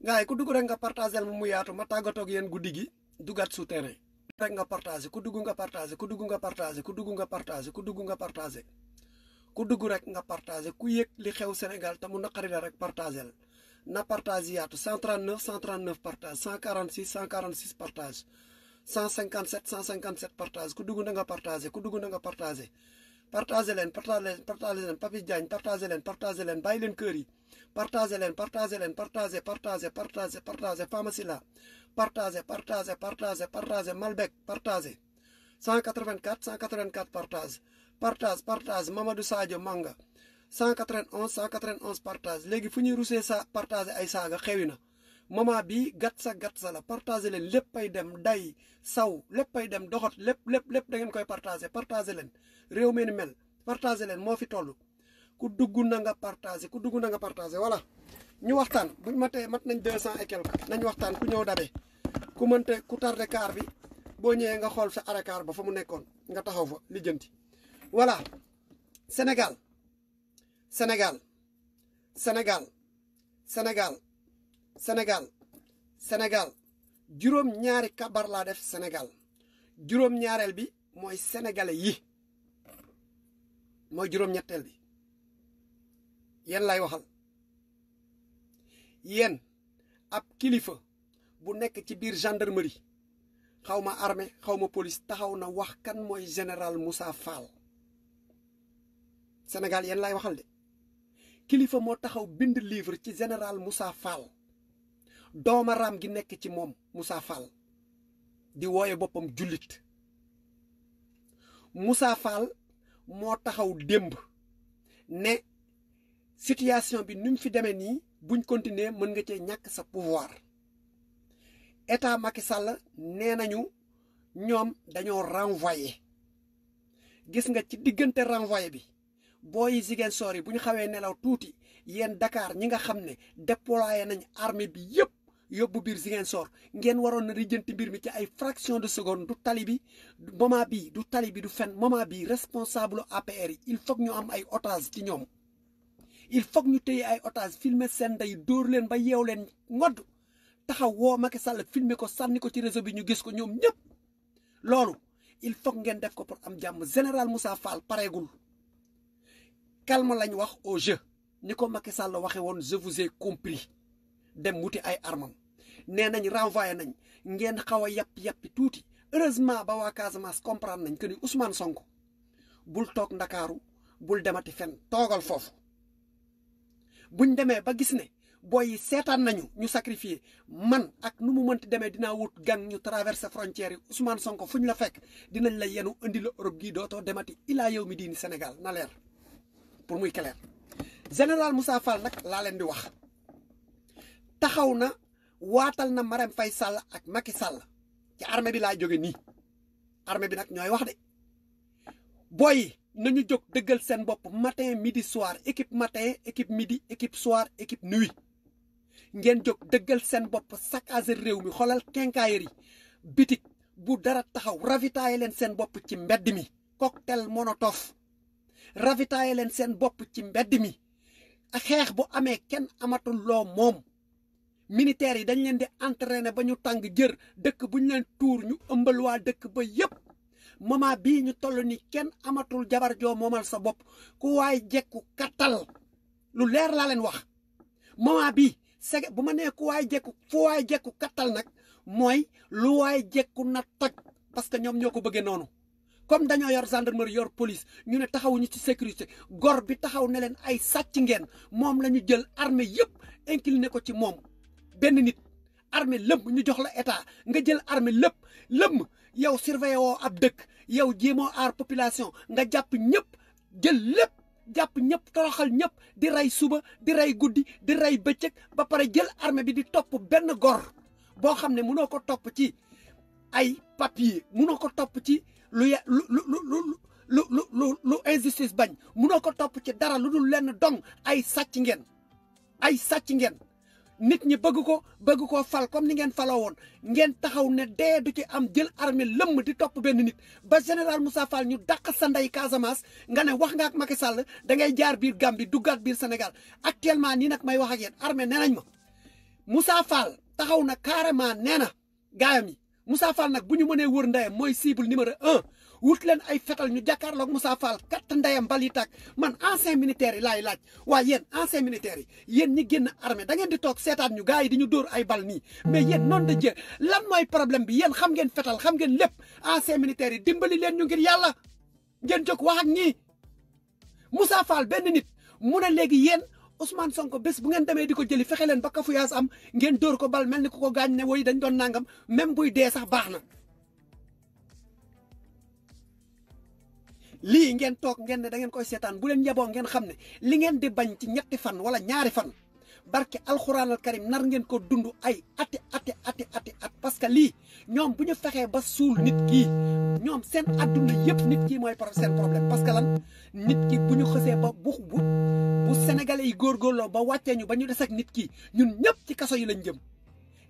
gars yi ku dugg rek nga partagé mu yaatu ma tàggatoo ak yéen guddi gi dugaat souterrain rek nga partagé ku dugg nga partagé ku dugg nga partagé ku dugg nga partagé ku dugg nga partagé ku dugg rek nga partagé ku yëg li xew Sénégal te mu naqari la rek partagé la na partage yaatu 139 139 partage 146 146 partage 157 157 partage ku dugg na nga partagé ku dugg na nga partagé partagé leen partagé partagé leen Papis Diagne partagé leen partagé leen bàyyi leen kër yi partagé leen partagé leen partagé partagé partagé partagé Famasila partagé partagé partagé partagé Malbec partagé 184 184 partage partage partage Mamadou Sadio Manga 191 191 partage léegi fu ñuy rusee sa partagé ay saaga xewi na moment bi gatsa gatsa la partagé leen léppay dem day saw léppay dem doxot lépp lépp lépp da koy partagé partagé leen réew mi ni mel partagé leen moo fi toll ku dugg na nga partagé ku dugg na nga partagé voilà ñu waxtaan bu matee mat nañ deux cent et quelque nañ waxtaan ku ñëw dabe ku mënte ku tardé kaar bi boo ñëwee nga xool sa arakaar ba fa mu nekkoon nga taxaw fa lijjanti voilà Sénégal Sénégal Sénégal Sénégal Senegal, Senegal, jurum ñaari kabar la def Senegal, jurum ñaareel bi moy Senegal yi moy jurum ñetteel bi yen lay waxal yen ab kilifa bu nek ci bir gendarmerie xawma armée xawma police taxaw na wax kan moy général Moussa Fall senegal yen lay waxal de kilifa mo taxaw bind livre ci général Moussa Fall. doomaraam gi nekk ci moom Moussa Fall di wooye boppam jullit Moussa Fall moo taxaw démb ne situation bi ni mu fi demee nii buñ continuer mën nga cee ñàkk sa pouvoir état Macky Sall nee nañu ñoom dañoo renvoyé gis nga ci diggante renvoyé bi booyi Ziguinchor yi buñ xawee nelaw tuuti yéen Dakar ñi nga xam ne déployé nañu armée bi yépp yóbbu biir sor, ngeen waroon na lijjanti bir mi ci ay fraction de seconde du talibi, bi moment du talibi du fen moment bi responsable APR il faut ñu am ay otages ci ñom il faut ñu tey ay otages filmer sen day dóor len ba yew len ngod taxaw woo Macky Sall filmer ko sanni ko ci réseau bi ñu gis ko ñom ñep lolu il faut ngeen def ko pour am jàmm général Moussa Fall pareegul calme lañ wax au jeu niko Macky Sall waxé won je vous ai compris dem wuti ay armam nenañ renvoyer nañ ngeen xawa yap yap yàppi tuuti heureusement ba wa Casamance comprendre nañ que ni Ousmane Sonko bul tok dakaru bul demati fen togal fofu buñ démé ba gis né boy setan nañu ñu sacrifier man ak nu mu dinawut démé dina wut gang ñu traverser frontière Ousmane Sonko fuñ la fekk dinañ la yenu andi la Europe gi doto demati ila yow mi diini Sénégal na lèr pour muy clair général Moussa Fall nak la di wax taxaw na waatal na Marème fay Sall ak Macky sàll ci armée bi laa jóge nii armée bi nag ñooy wax de booy nañu jóg dëggal seen bopp matin midi soir équipe matin équipe midi équipe soir équipe nuit ngeen jóg dëggal seen bopp saccager réew mi xoolal quincaillerie yi bitik bu dara taxaw ravitailler leen seen bopp ci mbedd mi cocktail Molotov ravitailler leen seen bopp ci mbedd mi xeex bu amee kenn amatul loo moom militaires yi dañ leen di entraîner ba ñu tàng jër dëkk bu ñu leen tuur ñu ëmbal waa dëkk ba yépp moment bii ñu toll ni kenn amatul jabar joo moomal sa bopp ku waay jekku kattal lu leer laa leen wax moment bii sege bu ma nee ku waay jekku fu waay jekku kattal nag mooy lu waay jekku na toj parce que ñoom ñoo ko bëggee noonu comme dañoo yor gendarmerie yor police ñu ne taxawuñu ci sécurité gor bi taxaw ne leen ay sàcc ngeen moom la ñu jël armée yëpp incliné ko ci moom benn nit armée lëmm ñu jox la état nga jël armée lépp lëmm yow surveillé woo ab dëkk yow jéemoo aar population nga jàpp ñëpp jël lépp jàpp ñëpp toroxal ñëpp di rey suba di rey guddi di rey bëccëg ba pare jël armée bi di topp benn gor boo xam ne mënoo ko topp ci ay papier mënoo ko topp ci lu lu lu lu lu lu injustice bañ mënoo ko topp ci dara lu dul lenn dong ay sàcc ngeen ay sàcc ngeen nit ñi bëgg ko bëgg koo fal comme ni ngeen faloo woon ngeen taxaw ne dee du ci am jël armée lëmm di topp benn nit ba général Moussa Fall ñu dàq sa ndey Casamance nga ne wax nga ak Macky Sall da ngay jaar biir Gambie duggaat biir Sénégal actuellement nii nag may wax ak yéen armée nee nañ ma Moussa Fall taxaw na carrément nee na gaayam yi Moussa Fall nag bu ñu mënee wër ndeyam mooy cible numéro un. wut leen ay fetal ñu jàkkaarloog Moussa Fall katt ndeyam bal yi tàkk man ancien militaire yi laay laaj waa yéen ancien militaire yi yéen ñi génn armée da ngeen di toog seetaan ñu gars yi di ñu dóor ay bal nii mais yéen noonu da jë lan mooy problème bi yen xam ngeen fetal xam ngeen lépp ancien militaire yi dimbali leen ñu ngir yàlla ngeen jóg wax ak ñii Moussa Fall benn nit mu ne léegi yéen Ousmane Sonko bés bu ngeen demee di ko jëli fexe leen ba kafuyaas am ngeen dóor ko bal mel ni ku ko gaañ ne woy dañ doon nangam même buy dee sax baax na lii ngeen toog ngeen ne da ngeen koy seetaan bu leen yeboo ngeen xam ne li ngeen di bañ ci ñetti fan wala ñaari fan barke alxuraanal karim nar ngeen ko dund ay ati ati ati ati at parce que lii ñoom bu ñu fexee ba suul nit kii ñoom seen adduna yëpp nit kii mooy seen problème parce que lan nit ki bu ñu xësee ba bu bu bu sénégalais yi góorloo ba wàccee ñu ba ñu des ak nit kii ñun ñëpp ci kaso yi lañ jëm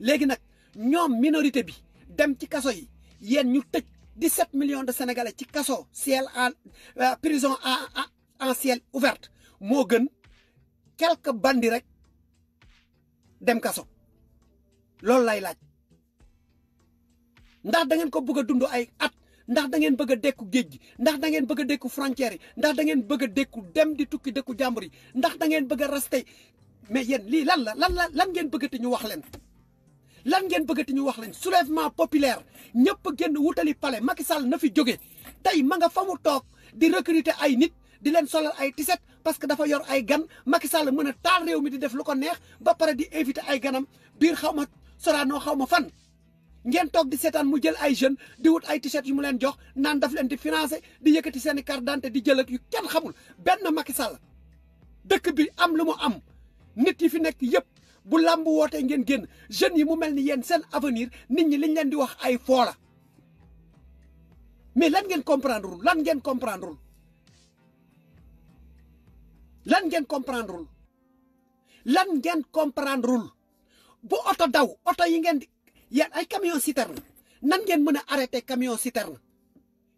léegi nag ñoom minorité bi dem ci kaso yi yéen ñu tëj 17 millions de sénégalais ci kaso ciel en euh, prison à en ciel ouverte mo gën quelques bandi rek dem kaso loolu lay laaj ndax da ngeen ko bëgg dundu ay at ndax da ngeen bëgg a dékku ndax da ngeen bëgg a frontière ndax da ngeen bëgg a dem di tukki dëkku jambour yi ndax da ngeen bëgg a mais yeen li lan la lan la lan ngeen bëgg te ñu wax leen lan ngeen ti ñu wax lañ soulèvement populaire ñepp genn wutali palais Macky Sall na fi joggé tay ma nga famu tok di recruter ay nit di len solal ay tisset parce que dafa yor ay gan Macky Sall mëna a taal réew mi di def lu ko neex ba pare di invité ay ganam bir xawma ma no xawma fan. ngeen tok di seetaan mu jël ay jeunes di wut ay tisset yu mu len jox naan daf len di financer di yëkëti seen carte d'identité di jël ak yu kenn xamul ben Macky Sall dëkk bi am lu mu am nit yi fi nekk yëpp bu lamb wote ngeen genn jeune yi mu melni yeen sen avenir nit ñi liñ leen di wax ay foola mais lan ngeen comprendre wul lan ngeen comprendre wul lan ngeen comprendre wul lan ngeen comprendre bu auto daw auto yi ngeen ya ay camion citerne nan ngeen mën a camion citerne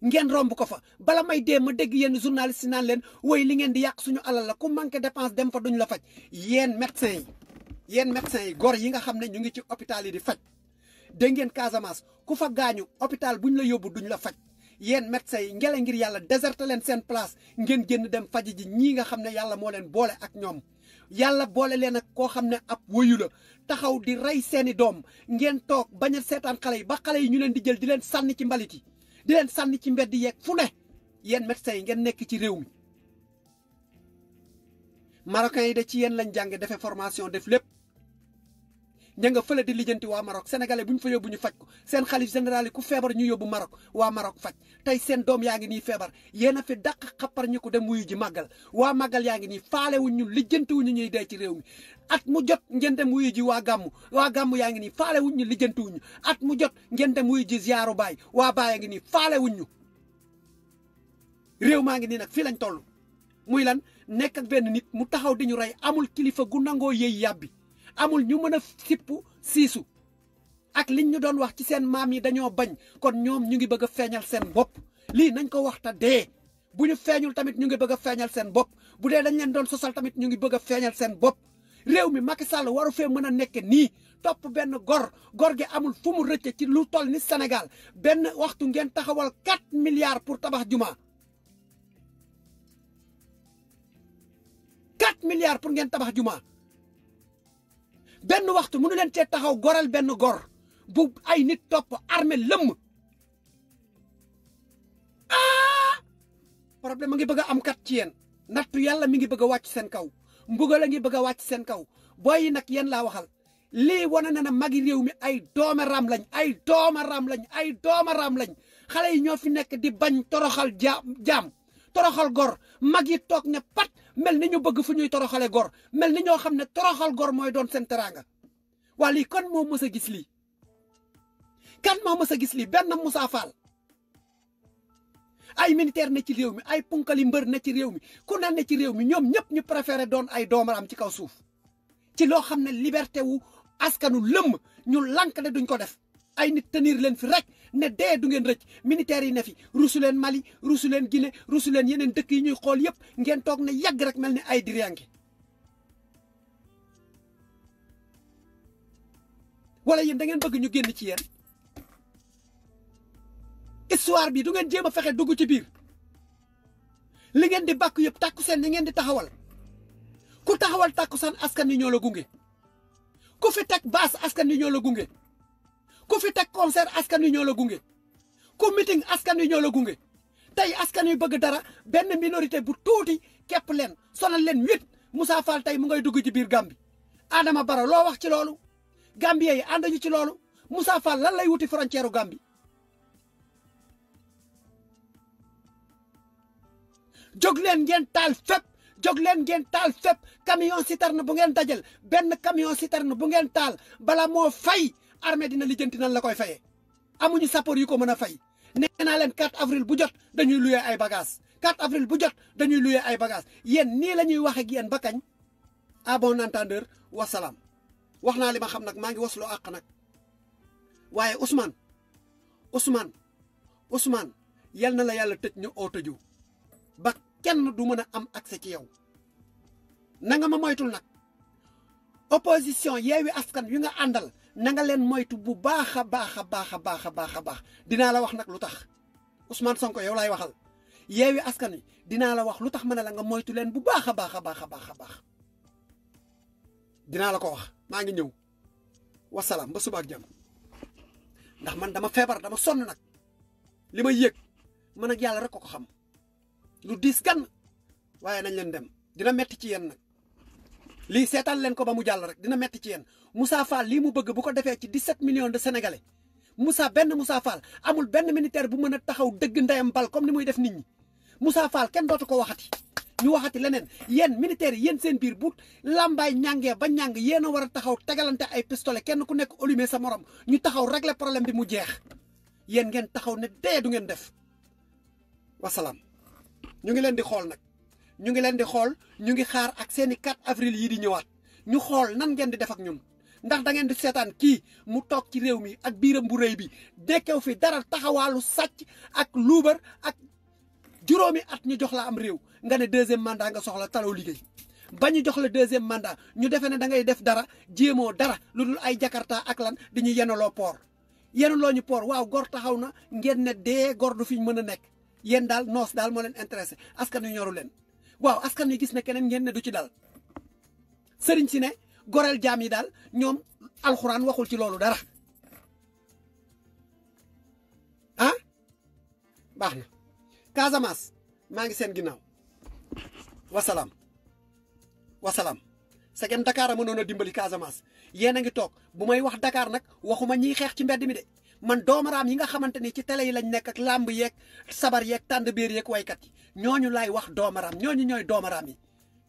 ngeen romb ko fa bala may dem ma deg yenn journaliste nan len way li ngeen di yak suñu alal la ku manke dépense dem fa duñ la fajj yeen médecin yéen médecins yi gor yi nga xam ne ñu ngi ci hôpital yi di faj dégg ngeen Casamance ku fa gaañu bu ñu la yóbbu duñu la faj yéen médecins yi ngele ngir yàlla déserté leen seen place ngeen génn dem faj ji ñi nga xam ne yàlla moo leen boole ak ñoom. yàlla boole leen ak koo xam ne ab woyu la taxaw di rey seeni doom ngeen toog bañ seetaan xale yi ba xale yi ñu leen di jël di leen sànni ci mbalit yi di leen sànni ci mbedd yeeg fu ne yéen médecins yi ngeen nekk ci réew mi. marocains yi de ci yéen lañ jànge defee formation def lépp. ña nga fële di lijjanti waa Maroc sénégalais bu ñu fa yóbbu ñu faj ko seen xalif général yi ku feebar ñu yóbbu Maroc waa Maroc faj tey seen doom yaa ngi nii feebar yéen a fi daq xappar ñu ko dem wuyu ji màggal waa màggal yaa ngi nii faale wuñ ñu lijjanti ñu ñuy dee ci réew mi at mu jot ngeen dem wuyu ji waa gàmm waa gàmm yaa ngi nii faale wuñ ñu lijjanti ñu at mu jot ngeen dem wuyu ji ziyaaru baay waa baay a ngi nii faale wuñ ñu réew maa ngi nii nag fii lañ toll muy lan nekk benn nit mu taxaw di ñu rey amul kilifa gu nangoo yëy yàbbi amul ñu mëna sipu sisu ak liñ ñu doon wax ci seen mam yi dañoo bañ kon ñoom ñu ngi bëgg a seen bop li nañ ko wax ta dé buñu feeñul tamit ñu ngi bëgg a seen bop bu dé dañ leen doon sosal tamit ñu ngi bëgg a seen bop réew mi Macky Sall waru fe mëna nekk ni top ben gor gor ge amul fu mu rëcce ci lu toll ni Sénégal ben waxtu ngeen taxawal 4 milliards pour tabax juma 4 milliards pour ngeen tabax juma Ben waxtu mënu leen cee taxaw goral ben gor bu ay nit top armé ah problème a ngi bëgg am kat ci yeen nattu yalla mi ngi bëgg wacc sen kaw mbugal a ngi bëgg wacc sen kaw boy nak yeen la waxal li wonana na magi rew mi ay doma ram lañ ay dooma ram lañ ay dooma ram lañ xalé yi ñoo fi hal di bañ toroxal jam toroxal gor magi tok ne pat mel na ñu bëgg fu ñuy toroxale gor mel na ñoo xam ne toroxal gor mooy doon seen teraanga waa kan moo mës a gis lii kan moo mës a gis lii benn Moussa Fall ay militaire ne ci réew mi ay punkali mbër na ci réew mi ku ne ne ci réew mi ñoom ñëpp ñu préféré doon ay doomaraam ci kaw suuf ci loo xam ne liberte wu askanu lëmm ñu lànk ne duñ ko def ay nit te tenir leen fi rek ne dee du ngeen rëcc militaires yi ne fi rusu leen Mali rusu leen Guinée rusu leen yeneen dëkk yi ñuy xool yëpp ngeen toog ne yàgg rek mel ni ay diriyange wala yéen dangeen ngeen bëgg ñu génn ci yéen histoire bi du ngeen jéem a fexe dugg ci biir li ngeen di bàkk yëpp seen yi ngeen di taxawal ku taxawal tàkkusaan askan wi ñoo la gunge ku fi teg baas askan wi ñoo la gunge. ku fi tek concert askan wi ñoo la gungé ku meeting askan wi ñoo la gunge askan wi bëgg dara benn minorité bu tuuti képp leen sonal leen wit Moussa Fall tay mu ngay dugg ci biir Gambie Adama Barrow lo wax ci lolu Gambie yi ànd ci lolu Moussa Fall lan lay wuti frontière u Gambie jóg ngeen tal fep jog len ngeen tal fep camion citerne bu ngeen dajal ben camion citerne bu ngeen tal bala mo fay armée dina lijjanti nan la koy fayee amuñu sapeur yu ko mën a fay nee naa leen 4 avril bu jot dañuy luye ay bagages 4 avril bu jot dañuy luye ay bagages yéen nii la ñuy wax ak yéen ba kañ à bon entendeur wasalaam wax naa li ma xam nag maa ngi wasloo àq nag waaye Ousmane Ousmane Ousmane yal na la yàlla tëj ñu oo tëju ba kenn du mën a am accès ci yow na nga ma moytul nag opposition yeewi askan yu nga àndal na nga len moytu bu baakha baakha baakha baakha baakha baakh nak Usman songko ya la wax nak lutax Ousmane Sonko yow lay waxal yewi askan dina la wax lutax tax la nga moytu len bu baakha baakha baakha baakha baakh dina la ko wax nga ñew wa salam ba suba ak ndax man dama febar dama son nak limay yek man ak yalla rek ko xam lu dis gan waye nañ len dem dina metti ci nak li setan len ko ba mu jall rek dina metti ci yeen Moussa Fall li mu bëgg bu ko defee ci 17 millions de sénégalais Moussa ben Moussa Fall amul ben militaire bu mëna taxaw dëgg ndayam bal comme ni muy def nit ñi Moussa Fall kenn dootu ko waxati. ñu waxati lenen yeen militaire yeen seen biir bu lambay ñangé ba ñang yeena wara taxaw tegalante ay pistolet kenn ku nekk allumé sa morom ñu taxaw régler problème bi mu jeex yeen ngeen taxaw ne dé du ngeen def wassalam ñu ngi len di xol nak ñu ngi leen di xool ñu ngi xaar ak seeni 4 avril yi di ñëwaat ñu xool nan ngeen di def ak ñun ndax da ngeen di seetaan kii mu toog ci réew mi ak biiram bu rëy bi dekkew fi dara taxawaalu sàcc ak luubar ak juróomi at ñu jox la am réew nga ne deuxième mandat nga soxla taloo liggéey ba jox la deuxième mandat ñu ne da ngay def dara jéemoo dara lu ay jakarta ak lan di ñu yenaloo poor yenaloo ñu poor waaw gor taxaw na ngeen ne dee gor du fiñ mën a nekk yéen daal noos daal moo intéressé askan waaw askan wi gis na keneen ngeen ne du ci dal sëriñ si ne goreel jaam yi daal ñoom alxuraan waxul ci loolu dara ah baax na Casamance maa ngi seen ginnaaw wasalaam wasalaam segem Dakar a mënoon a dimbali Casamance yéen a ngi toog bu may wax dakaar nag waxuma ñiy xeex ci mbedd mi de man doomaraam yi nga xamante ni ci télé yi lañ nekk ak làmb yeeg sabar yeek tànd biir yeeg waykat yi ñu laay wax doomaraam ñooñu ñooy doomaraam yi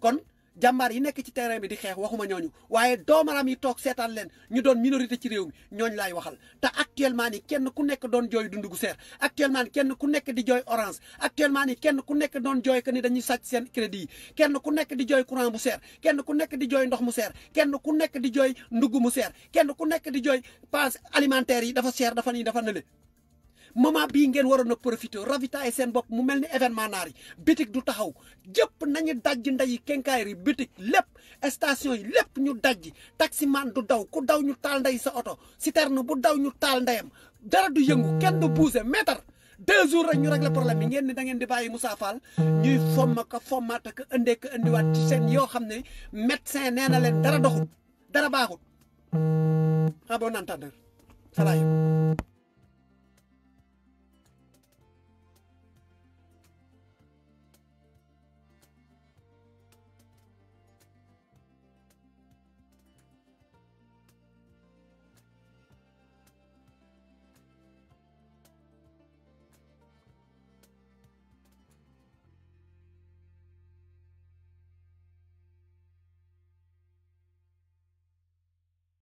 kon jàmbaar yi nekk ci terrain bi di xeex waxuma ñooñu waaye doomaraam yi toog seetaan leen ñu doon minorité ci réew mi ñooñ laay waxal te actuellement ni kenn ku nekk doon jooy dund gu seer actuellement ni kenn ku nekk di jooy orange actuellement ni kenn ku nekk doon jooy que ni dañuy sàcc seen crédit yi kenn ku nekk di jooy courant bu seer kenn ku nekk di jooy ndox mu seer kenn ku nekk di jooy ndugg mu seer kenn ku nekk di jooy passe alimentaire yi dafa seer dafa nii dafa nële moment bii ngeen waroon a profité ravitaay seen bopp mu mel ni événement naar yi bitik du taxaw jëpp nañu dajj ndeyi kenkaayir yi bitik lépp station yi lépp ñu dajj taximan du daw ku daw ñu taal ndey sa oto citerne bu daw ñu taal ndeyam dara du yëngu kenn du bougé mètre deux jours rek ñu réglé problème bi ngeen ni da di bàyyi Moussa Fall ñuy fomm ka fommaat ka indee ka indiwaat ci seen yoo xam ne médecin nee na leen dara doxul dara baaxul. ah bon entendeur